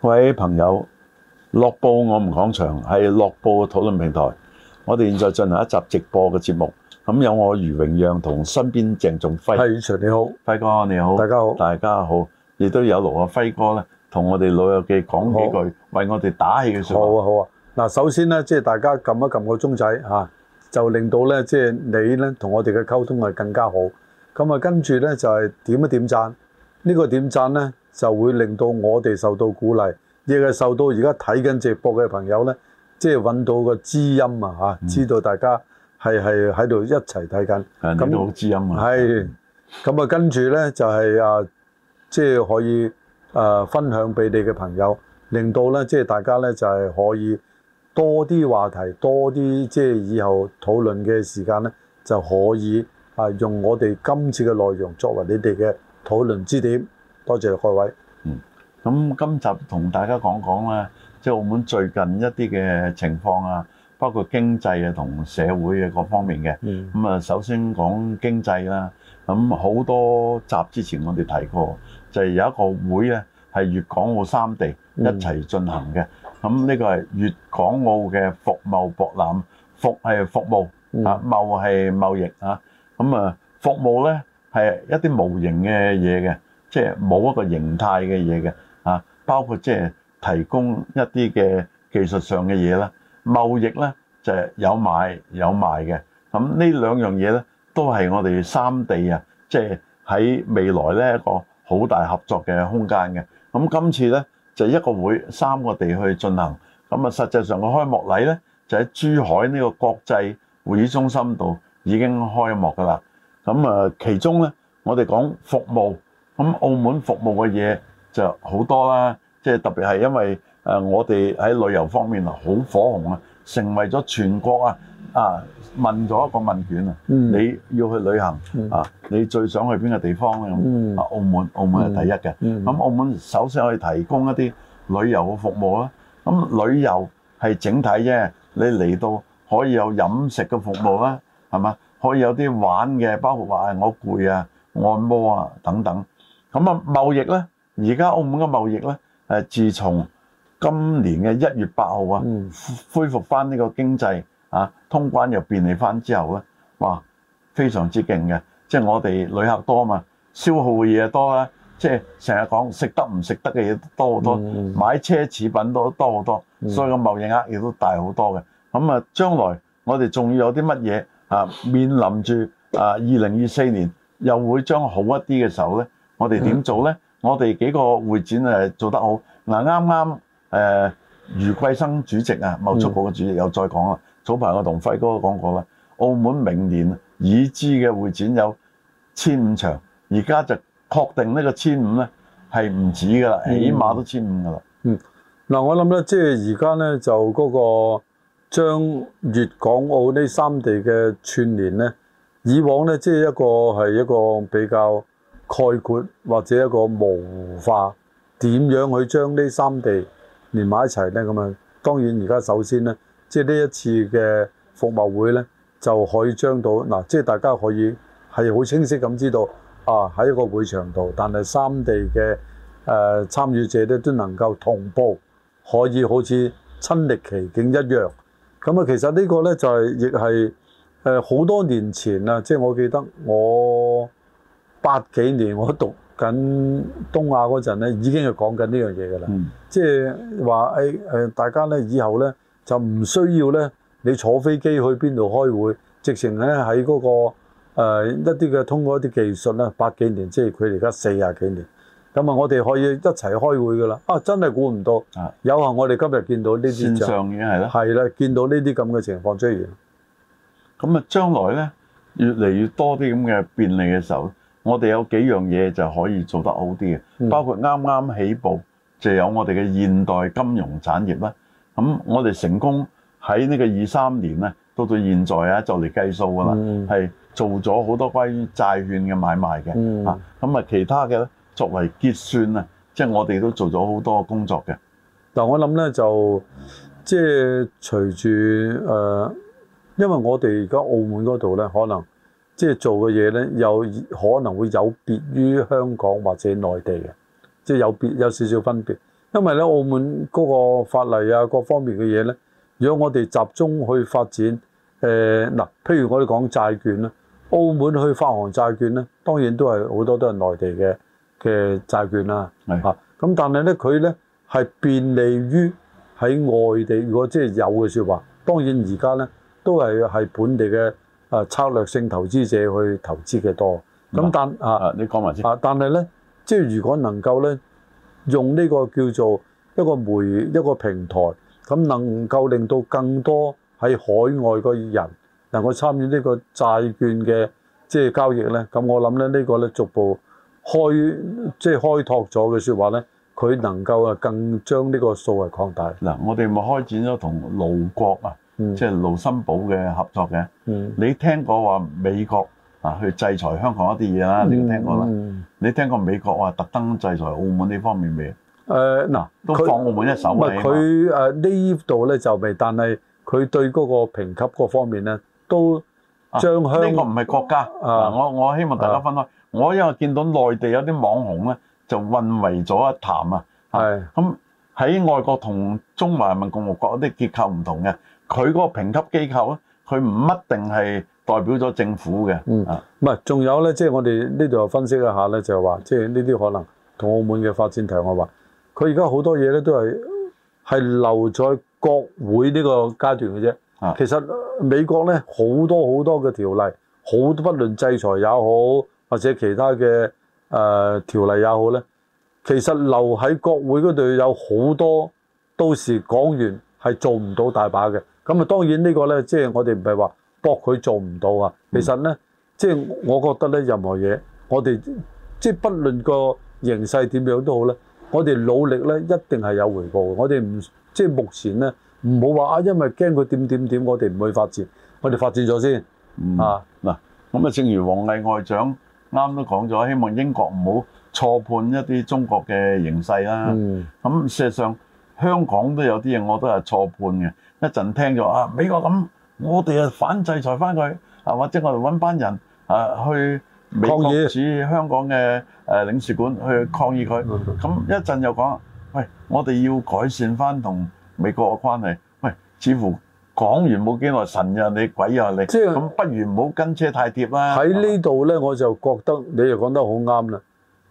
各位朋友，樂報我們講場係樂報嘅討論平台，我哋現在進行一集直播嘅節目。咁有我余榮讓同身邊鄭仲輝，係宇祥你好，輝哥你好，大家好，大家好，亦都有勞阿輝哥咧，同我哋老友記講幾句好好為我哋打氣嘅說話。好啊好啊，嗱、啊，首先咧，即係大家撳一撳個鐘仔吓，就令到咧，即係你咧同我哋嘅溝通係更加好。咁啊，跟住咧就係點一點讚，呢、這個點讚咧。就會令到我哋受到鼓勵，亦係受到而家睇緊直播嘅朋友呢，即係揾到個知音啊！嗯、知道大家係係喺度一齊睇緊，咁好知音啊！係咁啊，嗯、跟住呢，就係啊，即係可以啊分享俾你嘅朋友，令到呢，即係大家呢，就係可以多啲話題，多啲即係以後討論嘅時間呢，就可以啊用我哋今次嘅內容作為你哋嘅討論支點。多謝各位。嗯，咁今集同大家講講咧，即係澳門最近一啲嘅情況啊，包括經濟啊同社會嘅各方面嘅。嗯，咁啊，首先講經濟啦。咁好多集之前我哋提過，就係有一個會咧，係粵港澳三地一齊進行嘅。咁呢個係粵港澳嘅服務博覽服係服務啊，貿係貿易啊。咁啊，服務咧係一啲無形嘅嘢嘅。即係冇一個形態嘅嘢嘅啊，包括即係提供一啲嘅技術上嘅嘢啦，貿易咧就係有買有賣嘅。咁呢兩樣嘢咧都係我哋三地啊，即係喺未來咧一個好大合作嘅空間嘅。咁今次咧就一個會三個地去進行。咁啊，實際上個開幕禮咧就喺珠海呢個國際會議中心度已經開幕㗎啦。咁啊，其中咧我哋講服務。咁澳門服務嘅嘢就好多啦，即係特別係因為誒我哋喺旅遊方面啊好火紅啊，成為咗全國啊啊問咗一個問卷啊，你要去旅行啊，你最想去邊個地方咧？啊澳門，澳門係第一嘅。咁澳門首先可以提供一啲旅遊嘅服務啦。咁旅遊係整體啫，你嚟到可以有飲食嘅服務啦，係嘛？可以有啲玩嘅，包括話誒我攰啊、按摩啊等等。咁啊，貿易呢，而家澳門嘅貿易呢，誒，自從今年嘅一月八號啊，恢復翻呢個經濟啊，通關又便利翻之後呢，哇，非常之勁嘅，即係我哋旅客多嘛，消耗嘅嘢多啦，即係成日講食得唔食得嘅嘢多好多，買奢侈品多多好多，所以個貿易額亦都大好多嘅。咁啊，將來我哋仲要有啲乜嘢啊？面臨住啊，二零二四年又會將好一啲嘅時候呢。我哋點做呢？嗯、我哋幾個會展誒做得好嗱，啱啱誒余桂生主席啊，貿促局嘅主席又再講啦。早排我同輝哥都講過啦，澳門明年已知嘅會展有千五場，而家就確定呢個千五呢係唔止噶啦，起碼都千五噶啦。嗯，嗱、嗯啊、我諗呢，即係而家呢，就嗰個將粵港澳呢三地嘅串聯呢，以往呢，即係一個係一個比較。概括或者一個模糊化，點樣去將呢三地連埋一齊呢？咁啊，當然而家首先呢，即係呢一次嘅服務會呢，就可以將到嗱、啊，即係大家可以係好清晰咁知道啊喺一個會場度，但係三地嘅誒參與者呢，都能夠同步，可以好似親歷其境一樣。咁、嗯、啊，其實呢個呢，就係亦係誒好多年前啊，即係我記得我。八幾年我讀緊東亞嗰陣咧，已經係講緊呢樣嘢㗎啦。即係話誒誒，大家咧以後咧就唔需要咧，你坐飛機去邊度開會，直情咧喺嗰個、呃、一啲嘅通過一啲技術咧，八幾年即係佢哋而家四廿幾年，咁啊我哋可以一齊開會㗎啦。啊，真係估唔到，有幸我哋今日見到呢啲線上已經係咯，係啦，見到呢啲咁嘅情況出現。咁啊，將來咧越嚟越多啲咁嘅便利嘅時候。我哋有幾樣嘢就可以做得好啲嘅，包括啱啱起步就有我哋嘅現代金融產業啦。咁我哋成功喺呢個二三年咧，到到現在啊，就嚟計數噶啦，係做咗好多關於債券嘅買賣嘅啊。咁啊，其他嘅作為結算啊，即係我哋都做咗好多工作嘅、嗯。嗱、嗯嗯嗯，我諗咧就即係、就係、隨住誒、呃，因為我哋而家澳門嗰度咧，可能。即係做嘅嘢呢，有可能會有別於香港或者內地嘅，即係有別有少少分別。因為呢，澳門嗰個法例啊，各方面嘅嘢呢，如果我哋集中去發展，誒嗱，譬如我哋講債券啦，澳門去發行債券呢，當然都係好多都係內地嘅嘅債券啦、啊，嚇是的、啊。咁但係呢，佢呢係便利於喺外地，如果即係有嘅説話，當然而家呢，都係係本地嘅。誒、啊、策略性投資者去投資嘅多，咁但啊，啊啊你講埋先啊，但係咧，即係如果能夠咧，用呢個叫做一個媒一個平台，咁能夠令到更多喺海外嘅人能夠參與呢個債券嘅即係交易咧，咁我諗咧呢、呢個咧逐步開即係開拓咗嘅說話咧，佢能夠啊更將呢個數額擴大。嗱、啊，我哋咪開展咗同路國啊。即係盧森堡嘅合作嘅，你聽過話美國啊去制裁香港一啲嘢啦？你都聽過啦。你聽過美國話特登制裁澳門呢方面未？誒嗱，都放澳門一手㗎嘛。唔係佢誒呢度咧就未，但係佢對嗰個評級各方面咧都將香呢個唔係國家啊！我我希望大家分開。我因為見到內地有啲網紅咧就混為咗一談啊，係咁喺外國同中華人民共和國嗰啲結構唔同嘅。佢嗰個評級機構咧，佢唔一定係代表咗政府嘅。的嗯，唔係，仲有咧，即係我哋呢度分析一下咧，就係、是、話，即係呢啲可能同澳門嘅發展題我話，佢而家好多嘢咧都係係留在國會呢個階段嘅啫。啊的，其實美國咧好多好多嘅條例，好不論制裁也好，或者其他嘅誒、呃、條例也好咧，其實留喺國會嗰度有好多，到時講完。係做唔到大把嘅，咁啊當然呢個咧，即係我哋唔係話駁佢做唔到啊。其實咧，即係我覺得咧，任何嘢，我哋即係不論個形勢點樣都好咧，我哋努力咧一定係有回報嘅。我哋唔即係目前咧，唔好話啊，因為驚佢點點點，我哋唔去發展，我哋發展咗先啊嗱。咁啊、嗯，正如王毅外長啱都講咗，希望英國唔好錯判一啲中國嘅形勢啦。嗯，咁事實上。香港都有啲嘢，我都係錯判嘅。一陣聽咗啊，美國咁，我哋啊反制裁翻佢啊，或者我哋搵班人啊去美國駐香港嘅誒領事館去抗議佢。咁議一陣又講，喂、哎，我哋要改善翻同美國嘅關係。喂、哎，似乎講完冇幾耐，神呀、啊你，啊、你，鬼呀你。即係咁，不如唔好跟車太貼啦。喺呢度咧，啊、我就覺得你又講得好啱啦。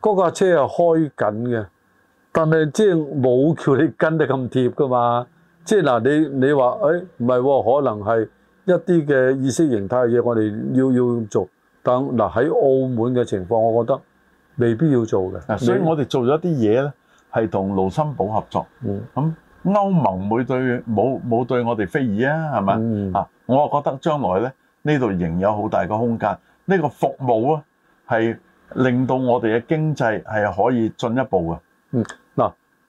嗰架車係開緊嘅。但係即係冇叫你跟得咁貼噶嘛？即係嗱，你你話誒唔係喎，可能係一啲嘅意識形態嘅嘢，我哋要要做。但嗱喺澳門嘅情況，我覺得未必要做嘅。嗱，所以我哋做咗一啲嘢咧，係同盧森堡合作。嗯，咁歐盟會對冇冇對我哋非議啊？係咪？啊，我覺得將來咧，呢度仍有好大嘅空間。呢個服務啊，係令到我哋嘅經濟係可以進一步嘅。嗯。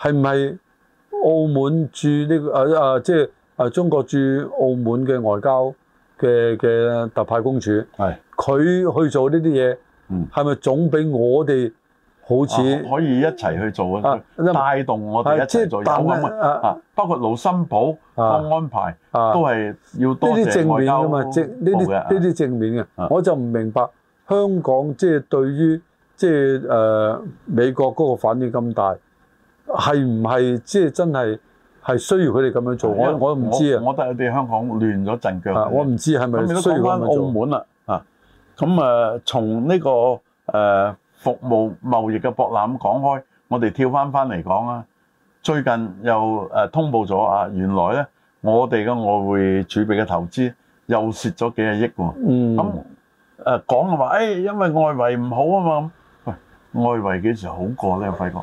係唔係澳門駐呢個即係中國駐澳門嘅外交嘅嘅特派公署？係佢去做呢啲嘢，係咪總比我哋好似可以一齊去做啊？帶動我哋一齊做啊！包括盧森堡安排都係要多謝外交嘅嘛，正呢啲呢啲正面嘅。我就唔明白香港即係對於即係美國嗰個反應咁大。係唔係即係真係係需要佢哋咁樣做？我我都唔知啊！我覺得佢哋香港亂咗陣腳。我唔知係咪需要翻澳門啦？啊、嗯，咁啊，從呢、這個誒、呃、服務貿易嘅博覽講開，我哋跳翻翻嚟講啊，最近又誒、呃、通報咗啊，原來咧我哋嘅外匯儲備嘅投資又蝕咗幾億、嗯、啊億喎。咁誒講啊話誒、哎，因為外圍唔好啊嘛。喂、哎，外圍幾時好過咧？我發覺？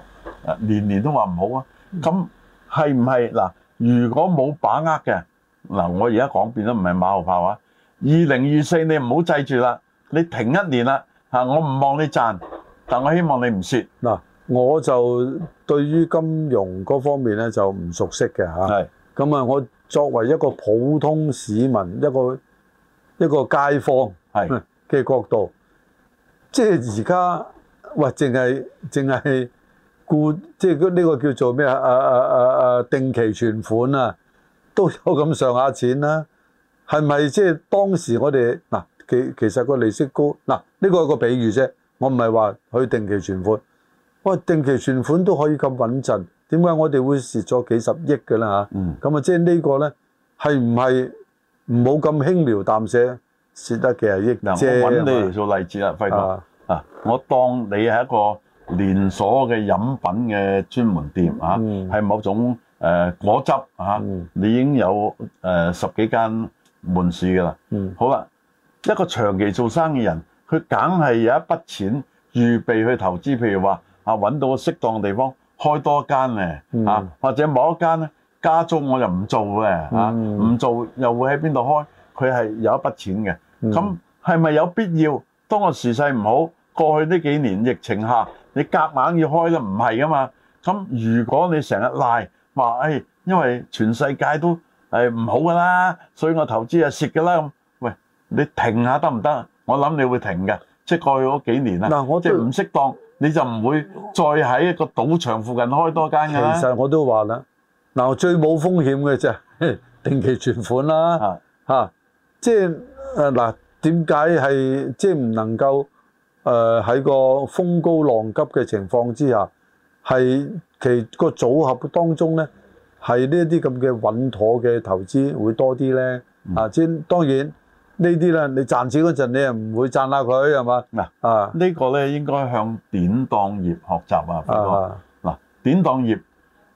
年年都話唔好啊，咁係唔係嗱？如果冇把握嘅嗱，我而家講變咗唔係馬後炮啊！二零二四你唔好制住啦，你停一年啦嚇，我唔望你賺，但我希望你唔蝕嗱。我就對於金融嗰方面咧就唔熟悉嘅嚇，係咁啊！我作為一個普通市民，一個一個街坊係嘅角度，是即係而家喂，淨係淨係，只是故即係呢個叫做咩啊？啊啊啊啊定期存款啊，都有咁上下錢啦。係咪即係當時我哋嗱其其實個利息高嗱？呢個係個比喻啫，我唔係話去定期存款。哇！定期存款都可以咁穩陣，點解我哋會蝕咗幾十億㗎啦嚇？咁啊，即係呢個咧係唔係唔好咁輕描淡寫蝕得幾十億？嗱，我揾你做例子啦，輝哥啊，我當你係一個。連鎖嘅飲品嘅專門店啊，係某種誒果汁啊，你已經有誒十幾間門市噶啦。好啦，一個長期做生意人，佢梗係有一筆錢預備去投資，譬如話啊揾到適當嘅地方開多間咧啊，或者某一間咧加租我又唔做嘅啊，唔做又會喺邊度開？佢係有一筆錢嘅，咁係咪有必要？當我時勢唔好。過去呢幾年疫情下，你夾硬要開咧，唔係噶嘛。咁如果你成日賴話，誒，因為全世界都係唔好噶啦，所以我投資啊蝕噶啦咁。喂，你停下得唔得？我諗你會停嘅，即係過去嗰幾年啦。嗱，我哋唔適當，你就唔會再喺一個賭場附近開多間嘅。其實我都話啦，嗱，最冇風險嘅啫，定期存款啦，嚇，即係誒嗱，點解係即係唔能夠？誒喺、呃、個風高浪急嘅情況之下，係其個組合當中咧，係呢一啲咁嘅穩妥嘅投資會多啲咧。嗯、啊，先當然呢啲呢，你賺錢嗰陣你又唔會讚下佢係嘛？嗱啊，這個、呢個咧應該向典當業學習啊，飛哥、嗱、啊啊，典當業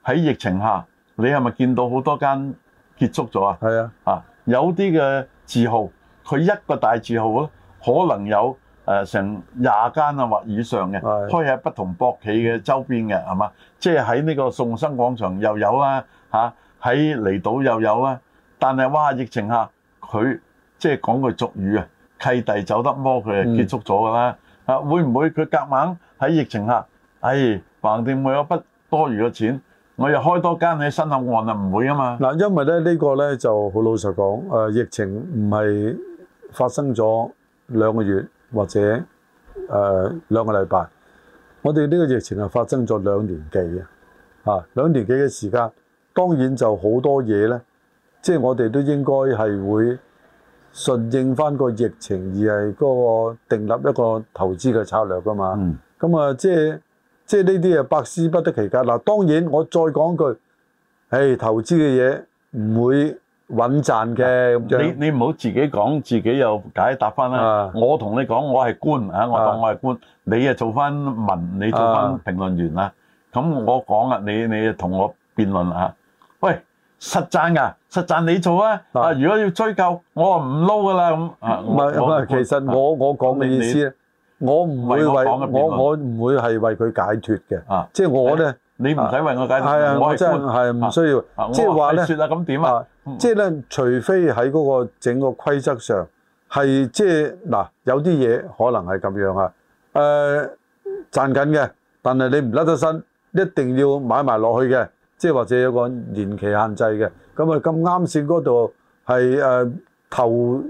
喺疫情下，你係咪見到好多間結束咗是啊，啊？係啊，啊有啲嘅字號，佢一個大字號咯，可能有。誒、呃、成廿間啊或以上嘅，的開喺不同博企嘅周邊嘅係嘛？即係喺呢個宋生廣場又有啦嚇，喺、啊、離島又有啦。但係哇，疫情下佢即係講句俗語啊，契弟走得摩，佢就結束咗㗎啦。嗯、啊，會唔會佢夾硬喺疫情下？唉、哎，橫掂我有筆多餘嘅錢，我又開多間喺新口岸就、這個、就啊，唔會啊嘛。嗱，因為咧呢個咧就好老實講，誒疫情唔係發生咗兩個月。或者誒、呃、兩個禮拜，我哋呢個疫情係發生咗兩年幾啊！啊兩年幾嘅時間，當然就好多嘢呢即係、就是、我哋都應該係會順應翻個疫情而係嗰、那個定立一個投資嘅策略㗎嘛。咁啊、嗯，即係即係呢啲係百思不得其解嗱、啊。當然我再講句，誒、哎、投資嘅嘢唔會。穩賺嘅，你你唔好自己講自己又解答翻啦。我同你講，我係官嚇，我當我係官，你啊做翻文，你做翻評論員啦。咁我講啊，你你同我辯論啊喂，實賺㗎，實賺你做啊。啊，如果要追究，我啊唔撈噶啦咁。唔唔係，其實我我講嘅意思，我唔會為我我唔會係為佢解脱嘅啊。即係我咧，你唔使為我解脱，我係官，真係唔需要。即係話咧，說啦，咁點啊？即係咧，嗯、是除非喺嗰個整個規則上係即係嗱，有啲嘢可能係咁樣啊。誒、呃，賺緊嘅，但係你唔甩得身，一定要買埋落去嘅。即係或者有一個年期限制嘅。咁啊，咁啱先嗰度係誒頭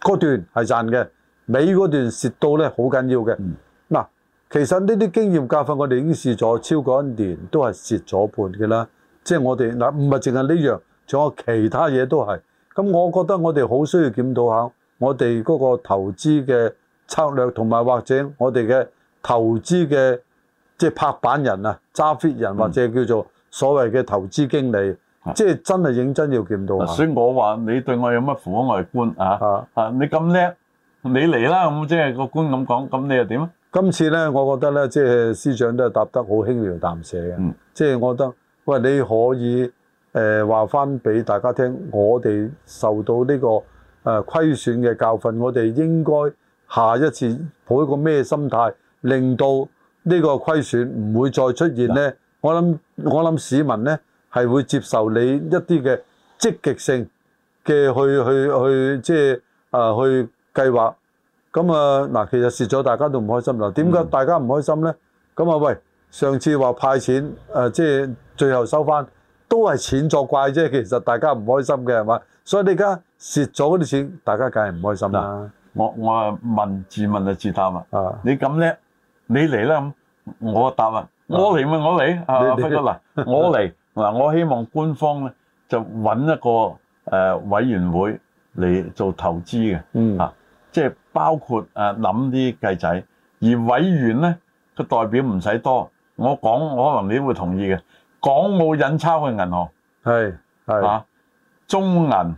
嗰段係賺嘅，尾嗰段蝕到咧好緊要嘅。嗱、嗯啊，其實呢啲經驗教訓我哋已經試咗超過一年，都係蝕咗半嘅啦。即、就、係、是、我哋嗱，唔係淨係呢樣。仲有其他嘢都係，咁我覺得我哋好需要檢討下我哋嗰個投資嘅策略，同埋或者我哋嘅投資嘅即係拍板人啊、揸 fit 人或者叫做所謂嘅投資經理，即係、嗯、真係認真要檢討。所以、啊、我話你對我有乜苦外觀啊？啊，是你咁叻，你嚟啦！咁即係個官咁講，咁你又點？今次咧，我覺得咧，即係司長都係答得好輕描淡寫嘅。即係、嗯、我覺得，喂，你可以。誒話翻俾大家聽，我哋受到呢個誒虧損嘅教訓，我哋應該下一次抱一個咩心態，令到呢個虧損唔會再出現呢？我諗我諗市民呢係會接受你一啲嘅積極性嘅去去去，即係啊去計劃。咁啊嗱，其實蝕咗大家都唔開心啦。點解大家唔開心呢？咁啊喂，上次話派錢誒，即係最後收翻。都係錢作怪啫，其實大家唔開心嘅係嘛？所以你而家蝕咗嗰啲錢，大家梗係唔開心啦、啊。我我問自問啊自答啊，你咁叻，你嚟啦咁，我答我嚟啊，我嚟咪我嚟啊。不過嗱，我嚟嗱，我希望官方咧就揾一個誒、呃、委員會嚟做投資嘅、嗯啊就係，啊，即係包括誒諗啲計仔，而委員咧佢代表唔使多，我講我可能你會同意嘅。港澳引鈔嘅銀行係係吓，中銀、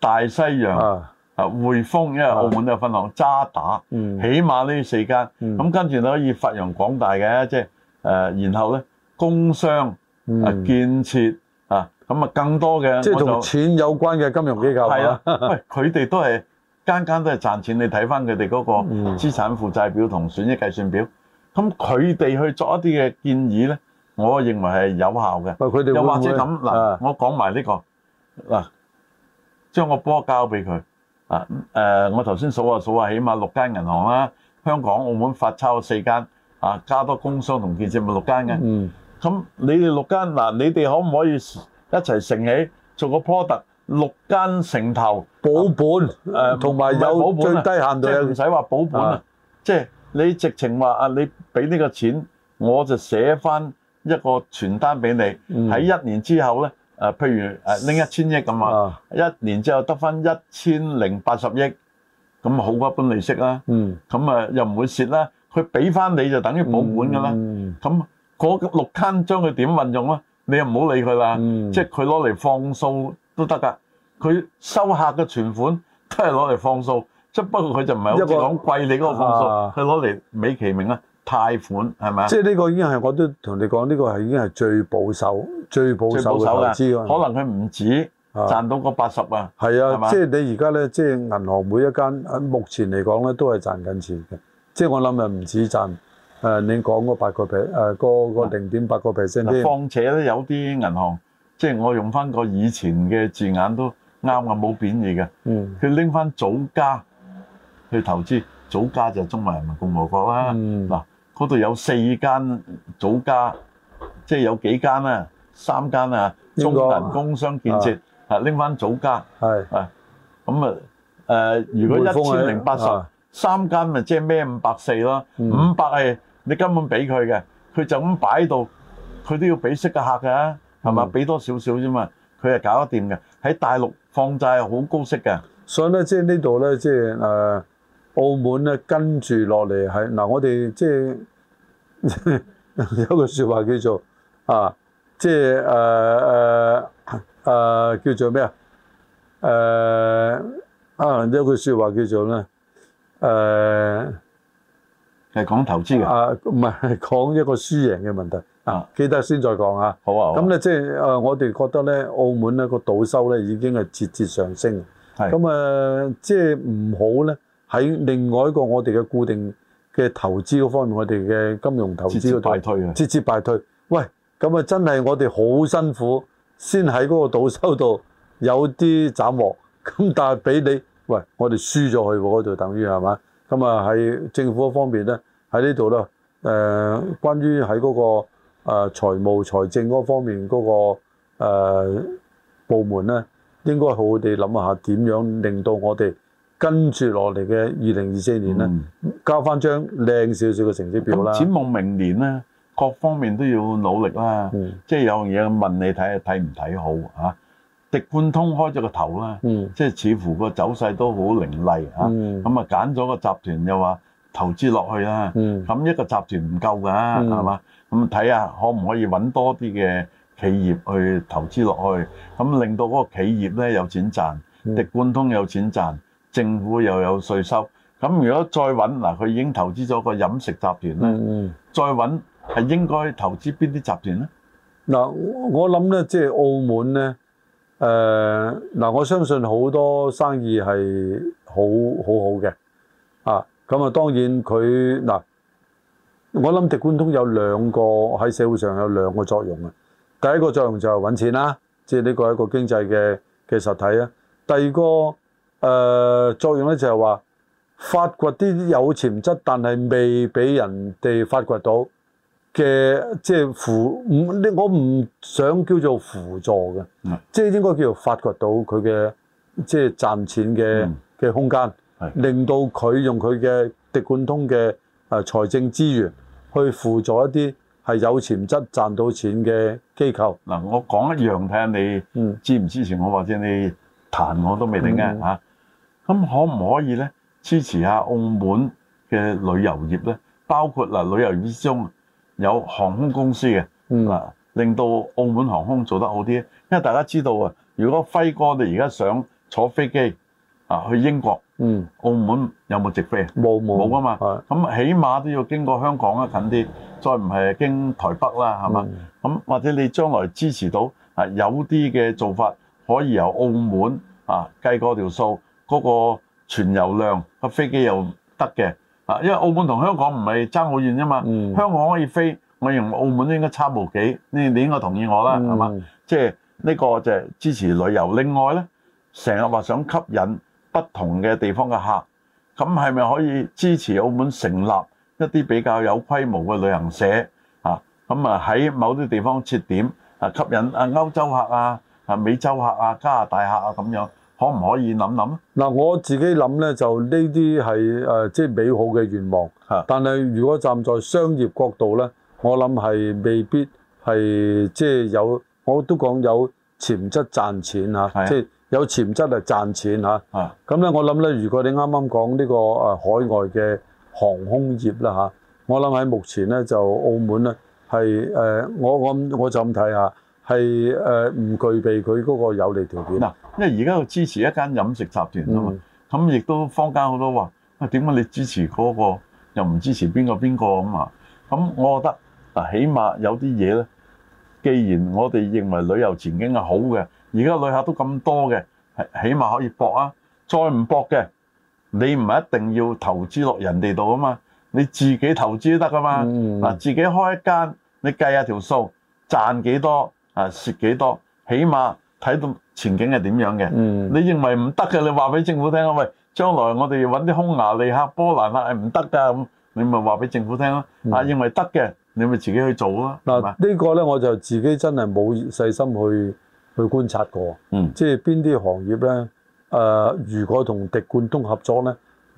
大西洋、啊匯豐，因為澳門都有分行渣打，嗯，起碼呢四間，咁跟住你可以發揚廣大嘅，即係誒，然後咧，工商啊建設啊，咁啊更多嘅，即係同錢有關嘅金融機構係啊，喂，佢哋都係間間都係賺錢，你睇翻佢哋嗰個資產負債表同損益計算表，咁佢哋去作一啲嘅建議咧。我認為係有效嘅，又或者咁，嗱，我講埋呢個嗱，將個波交俾佢啊，誒，我頭先數下數下，起碼六間銀行啦，香港、澳門發鈔咗四間，啊加多工商同建設咪六間嘅，咁你哋六間嗱，你哋可唔可以一齊承起做個 product 六間城投保本誒，同埋有最低限度唔使話保本啊，即係你直情話啊，你俾呢個錢我就寫翻。一個傳單俾你，喺一年之後咧，誒，譬如誒拎一千億咁啊，一年之後得翻一千零八十億，咁好過一般利息啦，咁啊又唔會蝕啦，佢俾翻你就等於保本㗎啦，咁嗰六千將佢點運用啊？你又唔好理佢啦，即係佢攞嚟放數都得噶，佢收客嘅存款都係攞嚟放數，即係不過佢就唔係好似講貴你嗰個放數，佢攞嚟美其名啦。貸款係咪啊？是即係呢個已經係我都同你講，呢、呢個係已經係最保守、最保守嘅投資咯。吧可能佢唔止賺到個八十啊？係啊，是吧即係你而家咧，即係銀行每一間喺目前嚟講咧，都係賺緊錢嘅。即係我諗又唔止賺誒、呃、你講個八個皮誒個個零點八個皮先。呃、吧況且咧，有啲銀行，即係我用翻個以前嘅字眼都啱嘅，冇貶義嘅。嗯，佢拎翻早家去投資，早家就係中華人民共和國啦。嗱、嗯。嗰度有四間組家，即、就、係、是、有幾間啊？三間啊，中銀工商建設啊，拎翻組家係啊，咁啊誒，呃、如果一千零八十三間咪即係咩五百四咯，五百係你根本俾佢嘅，佢就咁擺度，佢都要俾息嘅客㗎、啊，係咪？俾、嗯、多少少啫嘛，佢係搞得掂嘅。喺大陸放債係好高息嘅，所以咧即係呢度咧即係誒。就是澳門咧跟住落嚟係嗱，我哋即係有句說話叫做啊，即係誒叫做咩啊？誒啊！有一句說話叫做咧誒，係、啊、講投資嘅啊，唔係講一個輸贏嘅問題啊。啊記得先再講下，好啊。好啊，咁咧即係我哋覺得咧，澳門咧個賭收咧已經係節節上升。咁誒的，即係唔好咧。喺另外一個我哋嘅固定嘅投資嗰方面，我哋嘅金融投資嗰度，節節敗退啊！喂，咁啊真係我哋好辛苦先，先喺嗰個賭收度有啲斬獲，咁但係俾你喂，我哋輸咗去喎嗰度，等於係嘛？咁啊，喺政府嗰方面咧，喺呢度啦誒，關於喺嗰個誒財、呃、務、財政嗰方面嗰、嗰個、呃、部門咧，應該好好地諗下點樣令到我哋。跟住落嚟嘅二零二四年咧，交翻張靚少少嘅成績表啦。展望、嗯、明年咧，各方面都要努力啦。嗯、即係有樣嘢問你睇下睇唔睇好嚇、啊？迪冠通開咗個頭啦，即係似乎個走勢都好凌厲咁啊，揀咗個集團又話投資落去啦。咁、啊、一個集團唔夠㗎係嘛？咁睇下可唔可以揾多啲嘅企業去投資落去，咁令到嗰個企業咧有錢賺，嗯、迪冠通有錢賺。政府又有稅收，咁如果再揾嗱，佢、啊、已經投資咗個飲食集團咧，嗯、再揾係應該投資邊啲集團咧？嗱、嗯，我諗咧，即係澳門咧，誒、呃、嗱、嗯，我相信好多生意係好好好嘅啊。咁、嗯、啊，當然佢嗱、嗯，我諗迪冠通有兩個喺社會上有兩個作用嘅。第一個作用就係揾錢啦，即係呢個係一個經濟嘅嘅實體啊。第二個誒、呃、作用咧就係話發掘啲有潛質但係未俾人哋發掘到嘅，即係輔唔我唔想叫做輔助嘅，即係是應該叫做發掘到佢嘅即係賺錢嘅嘅、嗯、空間，是令到佢用佢嘅迪貫通嘅誒財政資源去輔助一啲係有潛質賺到錢嘅機構。嗱、嗯，我講一樣睇下你支唔支持我或者你彈我都未定嘅、嗯啊咁可唔可以呢支持下澳門嘅旅遊業呢？包括嗱旅遊之中有航空公司嘅，令到、嗯、澳門航空做得好啲。因為大家知道啊，如果輝哥你而家想坐飛機啊去英國，嗯、澳門有冇直飛？冇冇冇㗎嘛。咁起碼都要經過香港啊，近啲。再唔係經台北啦，係嘛、嗯？咁或者你將來支持到啊有啲嘅做法，可以由澳門啊計過條數。嗰個全油量個飛機又得嘅，啊，因為澳門同香港唔係爭好遠啫嘛，香港可以飛，我認為澳門都應該差無幾，你你應該同意我啦，係嘛？即係呢個就係支持旅遊。另外咧，成日話想吸引不同嘅地方嘅客，咁係咪可以支持澳門成立一啲比較有規模嘅旅行社啊？咁啊喺某啲地方設點啊，吸引啊歐洲客啊、啊美洲客啊、加拿大客啊咁樣。可唔可以諗諗啊？嗱，我自己諗咧，就呢啲係、呃、即係美好嘅願望。嚇，但係如果站在商業角度咧，我諗係未必係即係有，我都講有潛質賺錢嚇，即係有潛質係賺錢嚇咁咧嚇、啊，我諗咧，如果你啱啱講呢個、呃、海外嘅航空業啦、啊、我諗喺目前咧就澳門咧係、呃、我我就咁睇下，係、呃、唔具備佢嗰個有利條件。因為而家要支持一間飲食集團啊嘛，咁亦、嗯、都坊間好多話啊點解你支持嗰、嗰個又唔支持邊個邊個咁啊？咁我覺得嗱，起碼有啲嘢咧，既然我哋認為旅遊前景係好嘅，而家旅客都咁多嘅，起起碼可以搏啊！再唔搏嘅，你唔係一定要投資落人哋度啊嘛，你自己投資都得噶嘛。嗱、嗯，自己開一間，你計下條數，賺幾多啊？蝕幾多？起碼睇到，前景係點樣嘅？嗯、你認為唔得嘅，你話俾政府聽啊！喂，將來我哋揾啲匈牙利客、波蘭客係唔得㗎咁，你咪話俾政府聽囉！啊、嗯，認為得嘅，你咪自己去做囉！嗱，這個呢個咧我就自己真係冇細心去去觀察過，嗯、即係邊啲行業咧？誒、呃，如果同迪冠通合作咧，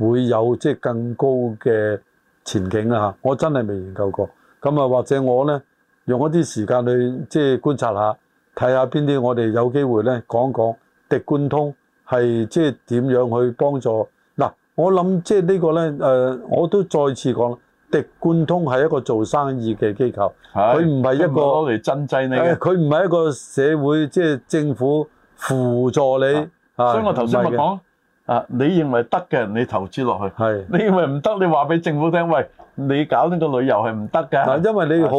會有即係更高嘅前景啦嚇！我真係未研究過，咁啊或者我咧用一啲時間去即係觀察一下。睇下邊啲我哋有機會咧，講講迪貫通係即係點樣去幫助。嗱，我諗即係呢個咧誒，我都再次講啦，迪貫通係一個做生意嘅機構，佢唔係一個嚟賑濟你嘅，佢唔係一個社會即係政府輔助你，啊啊、所以我頭先咪講。啊！你認為得嘅，你投資落去。是你認為唔得，你話俾政府聽，喂，你搞呢個旅遊係唔得嘅。嗱，因為你好，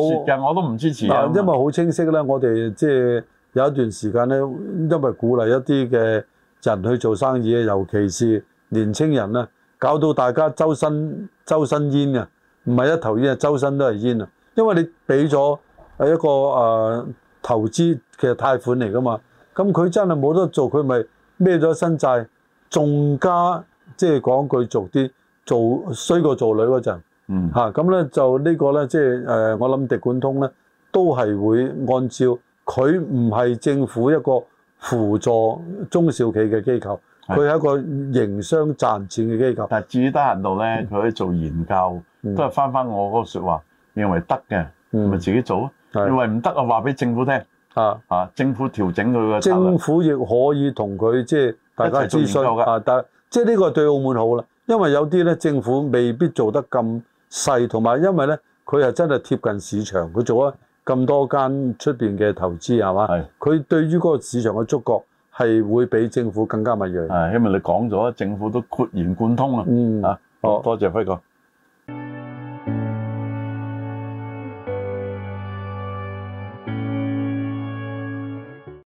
我都唔支持。因為好清晰咧，我哋即係有一段時間咧，因為鼓勵一啲嘅人去做生意，尤其是年青人咧，搞到大家周身周身煙啊，唔係一頭煙，周身都係煙啊！因為你俾咗一個誒、啊、投資嘅貸款嚟噶嘛。咁佢真係冇得做，佢咪孭咗身債。仲加即係講句俗啲，做衰過做女嗰陣，嚇咁咧就呢個咧，即係呃、我諗迪管通咧，都係會按照佢唔係政府一個輔助中小企嘅機構，佢係的一個營商賺錢嘅機構。但係至於得閒度咧，佢可以做研究、嗯嗯、都係翻翻我嗰個説話，認為得嘅咪自己做咯。認的為唔得啊，話俾政府聽啊啊，政府調整佢個策略。政府亦可以同佢即係。大家諮詢啊！但即係呢個對澳門好啦，因為有啲咧政府未必做得咁細，同埋因為咧佢係真係貼近市場，佢做咗咁多間出邊嘅投資係嘛？係佢是對於嗰個市場嘅觸角係會比政府更加敏銳。係因為你講咗，政府都豁然貫通了，嗯、啊！好、嗯、多謝輝哥。